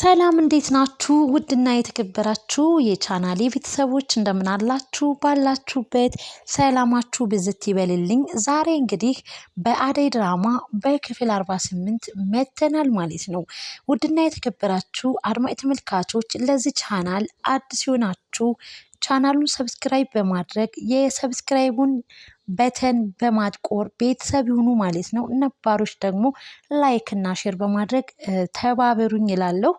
ሰላም እንዴት ናችሁ? ውድና የተከበራችሁ የቻናሌ ቤተሰቦች እንደምን አላችሁ? ባላችሁበት ሰላማችሁ ብዝት ይበልልኝ። ዛሬ እንግዲህ በአደይ ድራማ በክፍል 48 መተናል ማለት ነው። ውድና የተከበራችሁ አድማጭ ተመልካቾች ለዚህ ቻናል አዲስ ሲሆናችሁ ቻናሉን ሰብስክራይብ በማድረግ የሰብስክራይቡን በተን በማጥቆር ቤተሰብ ይሁኑ ማለት ነው። ነባሮች ደግሞ ላይክ እና ሼር በማድረግ ተባበሩኝ ይላለሁ።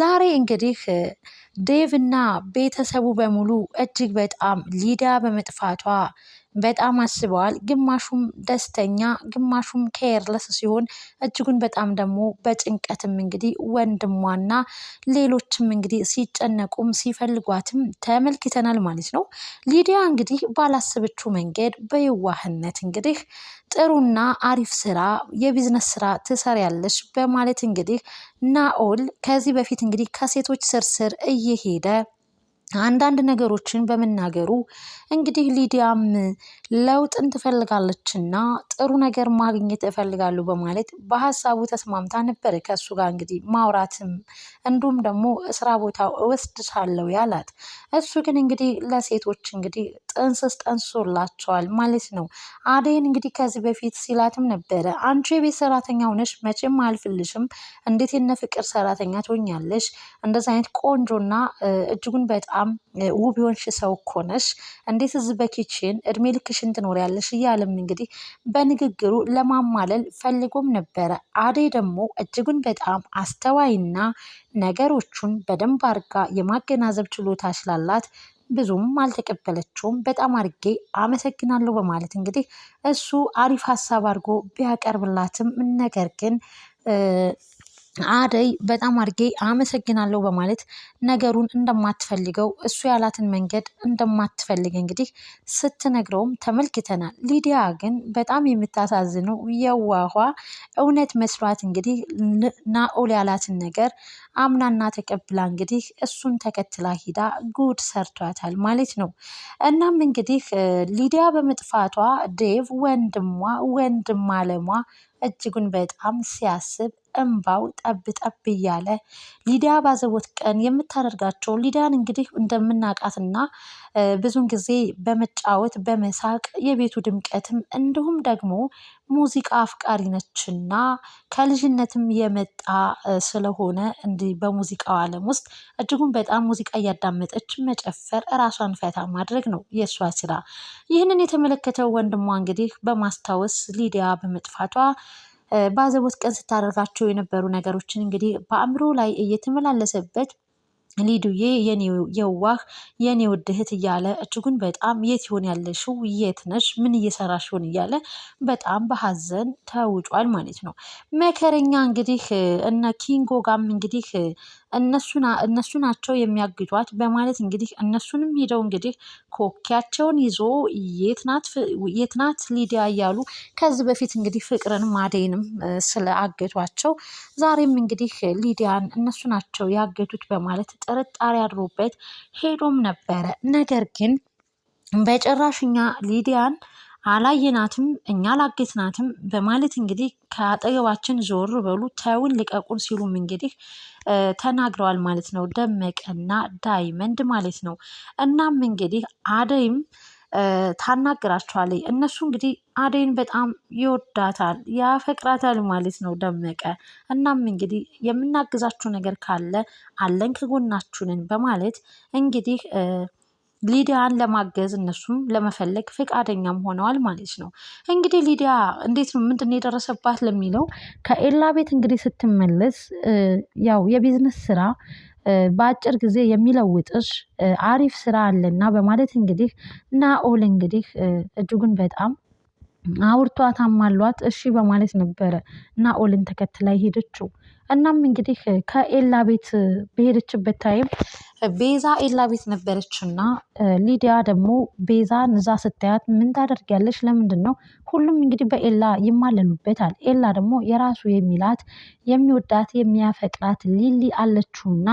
ዛሬ እንግዲህ ዴቭ እና ቤተሰቡ በሙሉ እጅግ በጣም ሊዳ በመጥፋቷ በጣም አስበዋል። ግማሹም ደስተኛ ግማሹም ኬርለስ ሲሆን እጅጉን በጣም ደግሞ በጭንቀትም እንግዲህ ወንድሟና ሌሎችም እንግዲህ ሲጨነቁም ሲፈልጓትም ተመልክተናል ማለት ነው። ሊዲያ እንግዲህ ባላሰበችው መንገድ በየዋህነት እንግዲህ ጥሩና አሪፍ ስራ የቢዝነስ ስራ ትሰሪያለሽ በማለት እንግዲህ ናኦል ከዚህ በፊት እንግዲህ ከሴቶች ስርስር እየሄደ አንዳንድ ነገሮችን በመናገሩ እንግዲህ ሊዲያም ለውጥን ትፈልጋለችና ጥሩ ነገር ማግኘት እፈልጋለሁ በማለት በሀሳቡ ተስማምታ ነበር። ከእሱ ጋር እንግዲህ ማውራትም እንዲሁም ደግሞ እስራ ቦታ እወስድሻለሁ ያላት እሱ ግን እንግዲህ ለሴቶች እንግዲህ ጥንስስ ጠንስሶላቸዋል ማለት ነው። አደይን እንግዲህ ከዚህ በፊት ሲላትም ነበረ። አንቺ የቤት ሰራተኛ ሆነሽ መቼም አልፍልሽም፣ እንዴት የነ ፍቅር ሰራተኛ ትሆኛለሽ? እንደዚህ አይነት ቆንጆና እጅጉን በጣም በጣም ውብ የሆንሽ ሰው እኮ ነሽ፣ እንዴት እዚህ በኪችን እድሜ ልክሽን ትኖሪያለሽ? እያለም እንግዲህ በንግግሩ ለማማለል ፈልጎም ነበረ። አዴ ደግሞ እጅጉን በጣም አስተዋይና ነገሮቹን በደንብ አርጋ የማገናዘብ ችሎታ ስላላት ብዙም አልተቀበለችውም። በጣም አድርጌ አመሰግናለሁ በማለት እንግዲህ እሱ አሪፍ ሀሳብ አድርጎ ቢያቀርብላትም ነገር ግን አደይ በጣም አድርጌ አመሰግናለሁ በማለት ነገሩን እንደማትፈልገው እሱ ያላትን መንገድ እንደማትፈልግ እንግዲህ ስትነግረውም ተመልክተናል። ሊዲያ ግን በጣም የምታሳዝነው የዋኋ እውነት መስሏት እንግዲህ ናኦል ያላትን ነገር አምናና ተቀብላ እንግዲህ እሱን ተከትላ ሂዳ ጉድ ሰርቷታል ማለት ነው። እናም እንግዲህ ሊዲያ በመጥፋቷ ዴቭ ወንድሟ ወንድም አለሟ እጅጉን በጣም ሲያስብ እንባው ጠብ ጠብ እያለ ሊዲያ ባዘቦት ቀን የምታደርጋቸው ሊዲያን እንግዲህ እንደምናውቃትና ብዙን ጊዜ በመጫወት በመሳቅ የቤቱ ድምቀትም እንዲሁም ደግሞ ሙዚቃ አፍቃሪ ነችና ከልጅነትም የመጣ ስለሆነ እንዲህ በሙዚቃው ዓለም ውስጥ እጅጉን በጣም ሙዚቃ እያዳመጠች መጨፈር ራሷን ፈታ ማድረግ ነው የእሷ ስራ። ይህንን የተመለከተው ወንድሟ እንግዲህ በማስታወስ ሊዲያ በመጥፋቷ ባዘቦት ቀን ስታደርጋቸው የነበሩ ነገሮችን እንግዲህ በአእምሮ ላይ እየተመላለሰበት ሊዱዬ የኔ የዋህ የኔ ውድ እህት እያለ እጅጉን በጣም የት ይሆን ያለሽው? የት ነሽ? ምን እየሰራሽ ይሆን? እያለ በጣም በሀዘን ተውጧል ማለት ነው። መከረኛ እንግዲህ እነ ኪንጎ ጋም እንግዲህ እነሱ ናቸው የሚያግቷት በማለት እንግዲህ እነሱንም ሄደው እንግዲህ ኮኪያቸውን ይዞ የት ናት ሊዲያ እያሉ ከዚህ በፊት እንግዲህ ፍቅርንም አደይንም ስለ ዛሬም እንግዲህ ሊዲያን እነሱ ናቸው ያገቱት በማለት ጥርጣሬ አድሮበት ሄዶም ነበረ። ነገር ግን በጭራሽኛ ሊዲያን አላየናትም፣ እኛ አላገትናትም በማለት እንግዲህ ከአጠገባችን ዞር በሉ ተውን ልቀቁን ሲሉም እንግዲህ ተናግረዋል ማለት ነው ደመቀና ዳይመንድ ማለት ነው። እናም እንግዲህ አደይም ታናግራቸዋለች። እነሱ እንግዲህ አደይን በጣም ይወዳታል ያፈቅራታል ማለት ነው ደመቀ። እናም እንግዲህ የምናግዛችሁ ነገር ካለ አለን ከጎናችሁንን በማለት እንግዲህ ሊዲያን ለማገዝ እነሱም ለመፈለግ ፈቃደኛም ሆነዋል ማለት ነው። እንግዲህ ሊዲያ እንዴት ነው ምንድን ነው የደረሰባት ለሚለው ከኤላ ቤት እንግዲህ ስትመለስ ያው የቢዝነስ ስራ በአጭር ጊዜ የሚለውጥሽ አሪፍ ስራ አለና በማለት እንግዲህ ናኦል እንግዲህ እጅጉን በጣም አውርቷት አማሏት እሺ በማለት ነበረ ናኦልን ተከትላ ሄደችው። እናም እንግዲህ ከኤላ ቤት በሄደችበት ታይም ቤዛ ኤላ ቤት እና ሊዲያ ደግሞ ቤዛ እዛ ስታያት ምን ታደርጊያለሽ? ለምንድን ነው ሁሉም እንግዲህ በኤላ ይማለሉበታል። ኤላ ደግሞ የራሱ የሚላት የሚወዳት የሚያፈቅራት ሊሊ አለችውና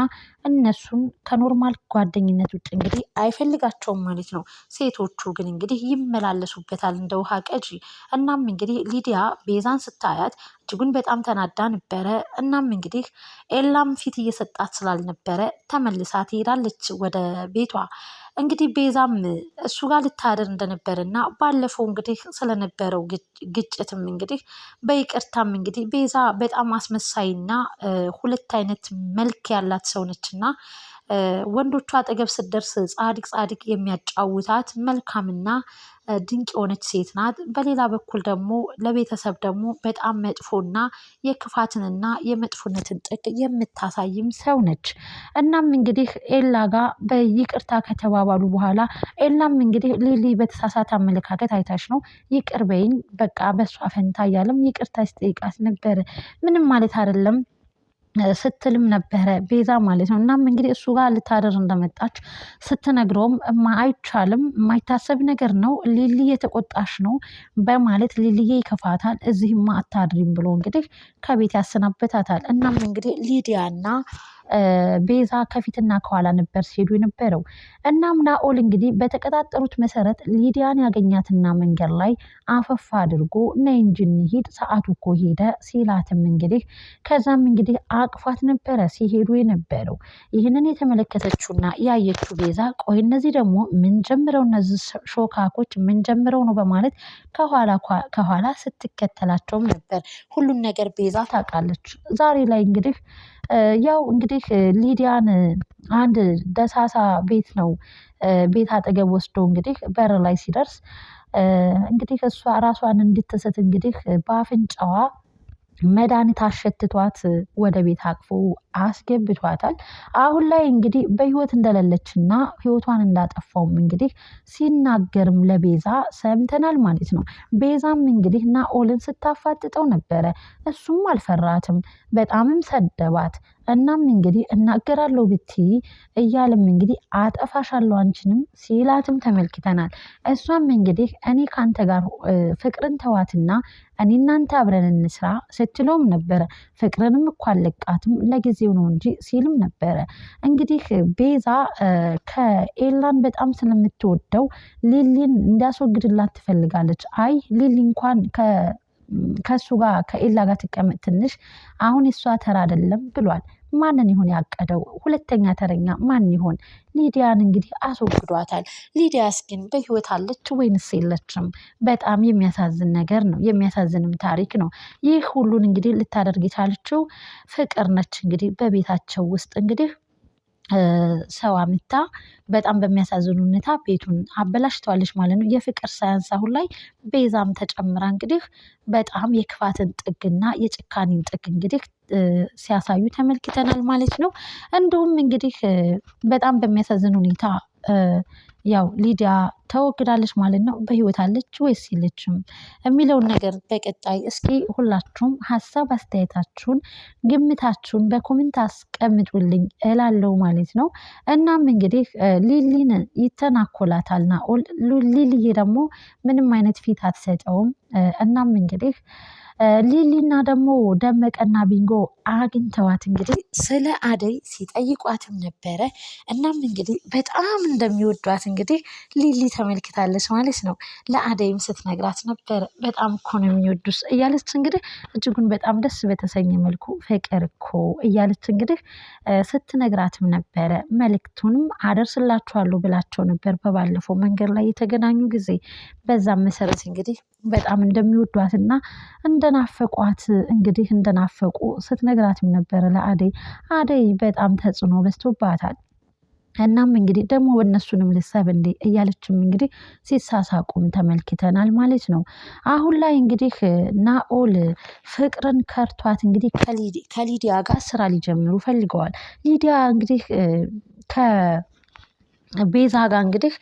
እነሱን ከኖርማል ጓደኝነት ውጭ እንግዲህ አይፈልጋቸውም ማለት ነው። ሴቶቹ ግን እንግዲህ ይመላለሱበታል እንደ ውሃ ቀጂ። እናም እንግዲህ ሊዲያ ቤዛን ስታያት እጅጉን በጣም ተናዳ ነበረ። እናም እንግዲህ ኤላም ፊት እየሰጣት ስላልነበረ ተመልሳ ትሄዳለች ወደ ቤቷ። እንግዲህ ቤዛም እሱ ጋር ልታደር እና ባለፈው እንግዲህ ስለነበረው ግጭትም እንግዲህ በይቅርታም እንግዲህ ቤዛ በጣም አስመሳይና ሁለት አይነት መልክ ያላት ሰው ነችና ወንዶቹ አጠገብ ስትደርስ ጻድቅ ጻድቅ የሚያጫውታት መልካምና ድንቅ የሆነች ሴት ናት። በሌላ በኩል ደግሞ ለቤተሰብ ደግሞ በጣም መጥፎና የክፋትንና የመጥፎነትን ጥግ የምታሳይም ሰው ነች። እናም እንግዲህ ኤላ ጋር በይቅርታ ከተባባሉ በኋላ ኤላም እንግዲህ ሊሊ በተሳሳተ አመለካከት አይታች ነው ይቅር በይኝ በቃ በሷ ፈንታ እያለም ይቅርታ ሲጠይቃት ነበር። ምንም ማለት አይደለም ስትልም ነበረ ቤዛ ማለት ነው። እናም እንግዲህ እሱ ጋር ልታደር እንደመጣች ስትነግረውም አይቻልም፣ የማይታሰብ ነገር ነው፣ ሊልዬ ተቆጣሽ ነው በማለት ሊልዬ ይከፋታል፣ እዚህማ አታድሪም ብሎ እንግዲህ ከቤት ያሰናበታታል። እናም እንግዲህ ሊዲያና ቤዛ ከፊትና ከኋላ ነበር ሲሄዱ የነበረው። እናም ናኦል እንግዲህ በተቀጣጠሩት መሰረት ሊዲያን ያገኛትና መንገድ ላይ አፈፋ አድርጎ ነይ እንጂ እንሂድ ሰዓቱ እኮ ሄደ ሲላትም እንግዲህ ከዛም እንግዲህ አቅፋት ነበረ ሲሄዱ የነበረው። ይህንን የተመለከተችውና ያየችው ቤዛ ቆይ እነዚህ ደግሞ ምን ጀምረው እነዚህ ሾካኮች ምን ጀምረው ነው በማለት ከኋላ ከኋላ ስትከተላቸውም ነበር። ሁሉም ነገር ቤዛ ታውቃለች። ዛሬ ላይ እንግዲህ ያው እንግዲህ ሊዲያን አንድ ደሳሳ ቤት ነው። ቤት አጠገብ ወስዶ እንግዲህ በር ላይ ሲደርስ እንግዲህ እሷ ራሷን እንድትስት እንግዲህ በአፍንጫዋ መድኃኒት አሸትቷት ወደ ቤት አቅፎ አስገብቷታል። አሁን ላይ እንግዲህ በህይወት እንደሌለችና ህይወቷን እንዳጠፋውም እንግዲህ ሲናገርም ለቤዛ ሰምተናል ማለት ነው። ቤዛም እንግዲህ ናኦልን ስታፋጥጠው ነበረ እሱም አልፈራትም በጣምም ሰደባት እናም እንግዲህ እናገራለሁ ብቲ እያለም እንግዲህ አጠፋሻለሁ አንቺንም ሲላትም ተመልክተናል። እሷም እንግዲህ እኔ ከአንተ ጋር ፍቅርን ተዋትና እኔ እናንተ አብረን እንስራ ስትለውም ነበረ ፍቅርንም እኮ አልለቃትም ለጊዜው ነው እንጂ ሲልም ነበረ። እንግዲህ ቤዛ ከኤላን በጣም ስለምትወደው ሊሊን እንዲያስወግድላት ትፈልጋለች አይ ሊሊ እንኳን ከእሱ ጋር ከኤላ ጋር ትቀመጥ ትንሽ አሁን የእሷ ተራ አይደለም ብሏል። ማንን ይሆን ያቀደው? ሁለተኛ ተረኛ ማን ይሆን? ሊዲያን እንግዲህ አስወግዷታል። ሊዲያስ ግን በህይወት አለች ወይንስ የለችም? በጣም የሚያሳዝን ነገር ነው። የሚያሳዝንም ታሪክ ነው። ይህ ሁሉን እንግዲህ ልታደርግ የቻለችው ፍቅር ነች። እንግዲህ በቤታቸው ውስጥ እንግዲህ ሰው አምታ በጣም በሚያሳዝን ሁኔታ ቤቱን አበላሽተዋለች ማለት ነው። የፍቅር ሳያንስ አሁን ላይ ቤዛም ተጨምራ እንግዲህ በጣም የክፋትን ጥግና የጭካኔን ጥግ እንግዲህ ሲያሳዩ ተመልክተናል ማለት ነው። እንዲሁም እንግዲህ በጣም በሚያሳዝን ሁኔታ ያው ሊዲያ ተወግዳለች ማለት ነው። በህይወት አለች ወይስ የለችም የሚለውን ነገር በቀጣይ እስኪ ሁላችሁም ሀሳብ አስተያየታችሁን ግምታችሁን በኮሜንት አስቀምጡልኝ እላለው ማለት ነው። እናም እንግዲህ ሊሊን ይተናኮላታል ናኦል ሊሊዬ ደግሞ ምንም አይነት ፊት አትሰጠውም። እናም እንግዲህ ሊሊና ደግሞ ደመቀና ቢንጎ አግኝተዋት እንግዲህ ስለ አደይ ሲጠይቋትም ነበረ። እናም እንግዲህ በጣም እንደሚወዷት እንግዲህ ሊሊ ተመልክታለች ማለት ነው። ለአደይም ስትነግራት ነበረ። በጣም እኮ ነው የሚወዱስ እያለች እንግዲህ እጅጉን በጣም ደስ በተሰኘ መልኩ ፍቅር እኮ እያለች እንግዲህ ስትነግራትም ነበረ። መልእክቱንም አደርስላችኋለሁ ብላቸው ነበር በባለፈው መንገድ ላይ የተገናኙ ጊዜ። በዛም መሰረት እንግዲህ በጣም እንደሚወዷትና እንደናፈቋት እንግዲህ እንደናፈቁ ስትነግራትም ነበረ ለአደይ አደይ በጣም ተጽዕኖ በዝቶባታል። እናም እንግዲህ ደግሞ እነሱንም ልሰብ እንዴ እያለችም እንግዲህ ሲሳሳቁም ተመልክተናል ማለት ነው። አሁን ላይ እንግዲህ ናኦል ፍቅርን ከርቷት እንግዲህ ከሊዲያ ጋር ስራ ሊጀምሩ ፈልገዋል። ሊዲያ እንግዲህ ከ ቤዛ ጋር እንግዲህ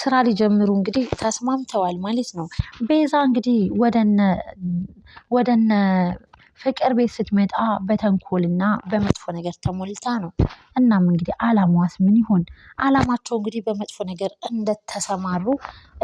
ስራ ሊጀምሩ እንግዲህ ተስማምተዋል ማለት ነው። ቤዛ እንግዲህ ወደነ ወደነ ፍቅር ቤት ስትመጣ በተንኮልና በመጥፎ ነገር ተሞልታ ነው። እናም እንግዲህ አላማዋስ ምን ይሆን? አላማቸው እንግዲህ በመጥፎ ነገር እንደተሰማሩ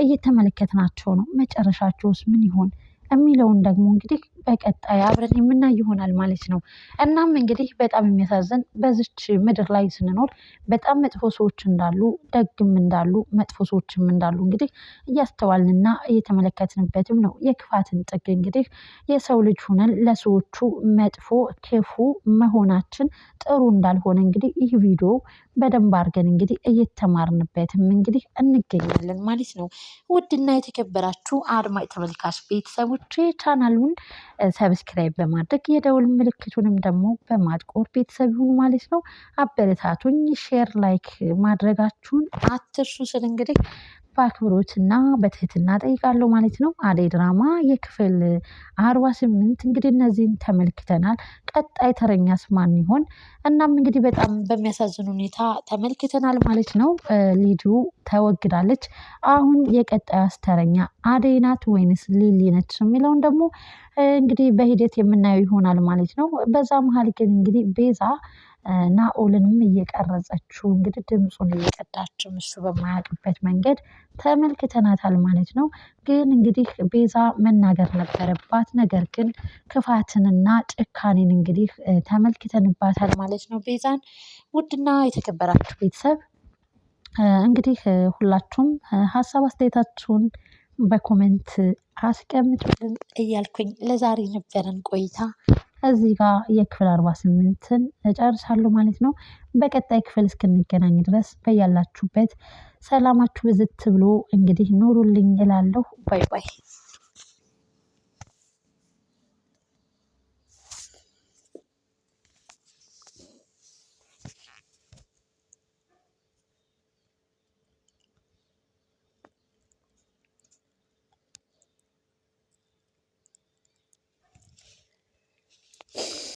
እየተመለከትናቸው ነው። መጨረሻቸውስ ምን ይሆን? የሚለውን ደግሞ እንግዲህ በቀጣይ አብረን የምናይ ይሆናል ማለት ነው። እናም እንግዲህ በጣም የሚያሳዝን በዚች ምድር ላይ ስንኖር በጣም መጥፎ ሰዎች እንዳሉ ደግም እንዳሉ መጥፎ ሰዎችም እንዳሉ እንግዲህ እያስተዋልንና እየተመለከትንበትም ነው። የክፋትን ጥግ እንግዲህ የሰው ልጅ ሆነን ለሰዎቹ መጥፎ ክፉ መሆናችን ጥሩ እንዳልሆነ እንግዲህ ይህ ቪዲዮ በደንብ አድርገን እንግዲህ እየተማርንበትም እንግዲህ እንገኛለን ማለት ነው። ውድና የተከበራችሁ አድማጭ ተመልካች ቤተሰቦቼ ቻናሉን ሰብስክራይብ በማድረግ የደውል ምልክቱንም ደግሞ በማጥቆር ቤተሰብ ይሁኑ ማለት ነው። አበረታቱኝ። ሼር ላይክ ማድረጋችሁን አትርሱ ስል እንግዲህ በአክብሮትና በትህትና ጠይቃለሁ ማለት ነው። አደይ ድራማ የክፍል አርባ ስምንት እንግዲህ እነዚህን ተመልክተናል። ቀጣይ ተረኛስ ማን ይሆን? እናም እንግዲህ በጣም በሚያሳዝን ሁኔታ ተመልክተናል ማለት ነው። ሊዱ ተወግዳለች። አሁን የቀጣይ አስተረኛ አደይ ናት ወይንስ ሊሊ ነች የሚለውን ደግሞ እንግዲህ በሂደት የምናየው ይሆናል ማለት ነው። በዛ መሀል ግን እንግዲህ ቤዛ ናኦልንም እየቀረጸችው እንግዲህ ድምፁን እየቀዳችው እሱ በማያውቅበት መንገድ ተመልክተናታል ማለት ነው። ግን እንግዲህ ቤዛ መናገር ነበረባት። ነገር ግን ክፋትንና ጭካኔን እንግዲህ ተመልክተንባታል ማለት ነው ቤዛን። ውድና የተከበራችሁ ቤተሰብ እንግዲህ ሁላችሁም ሀሳብ አስተያየታችሁን በኮሜንት አስቀምጡልን እያልኩኝ ለዛሬ ነበረን ቆይታ እዚህ ጋር የክፍል አርባ ስምንትን እጨርሳለሁ ማለት ነው። በቀጣይ ክፍል እስክንገናኝ ድረስ በያላችሁበት ሰላማችሁ ብዝት ብሎ እንግዲህ ኑሩልኝ እላለሁ። ባይ ባይ።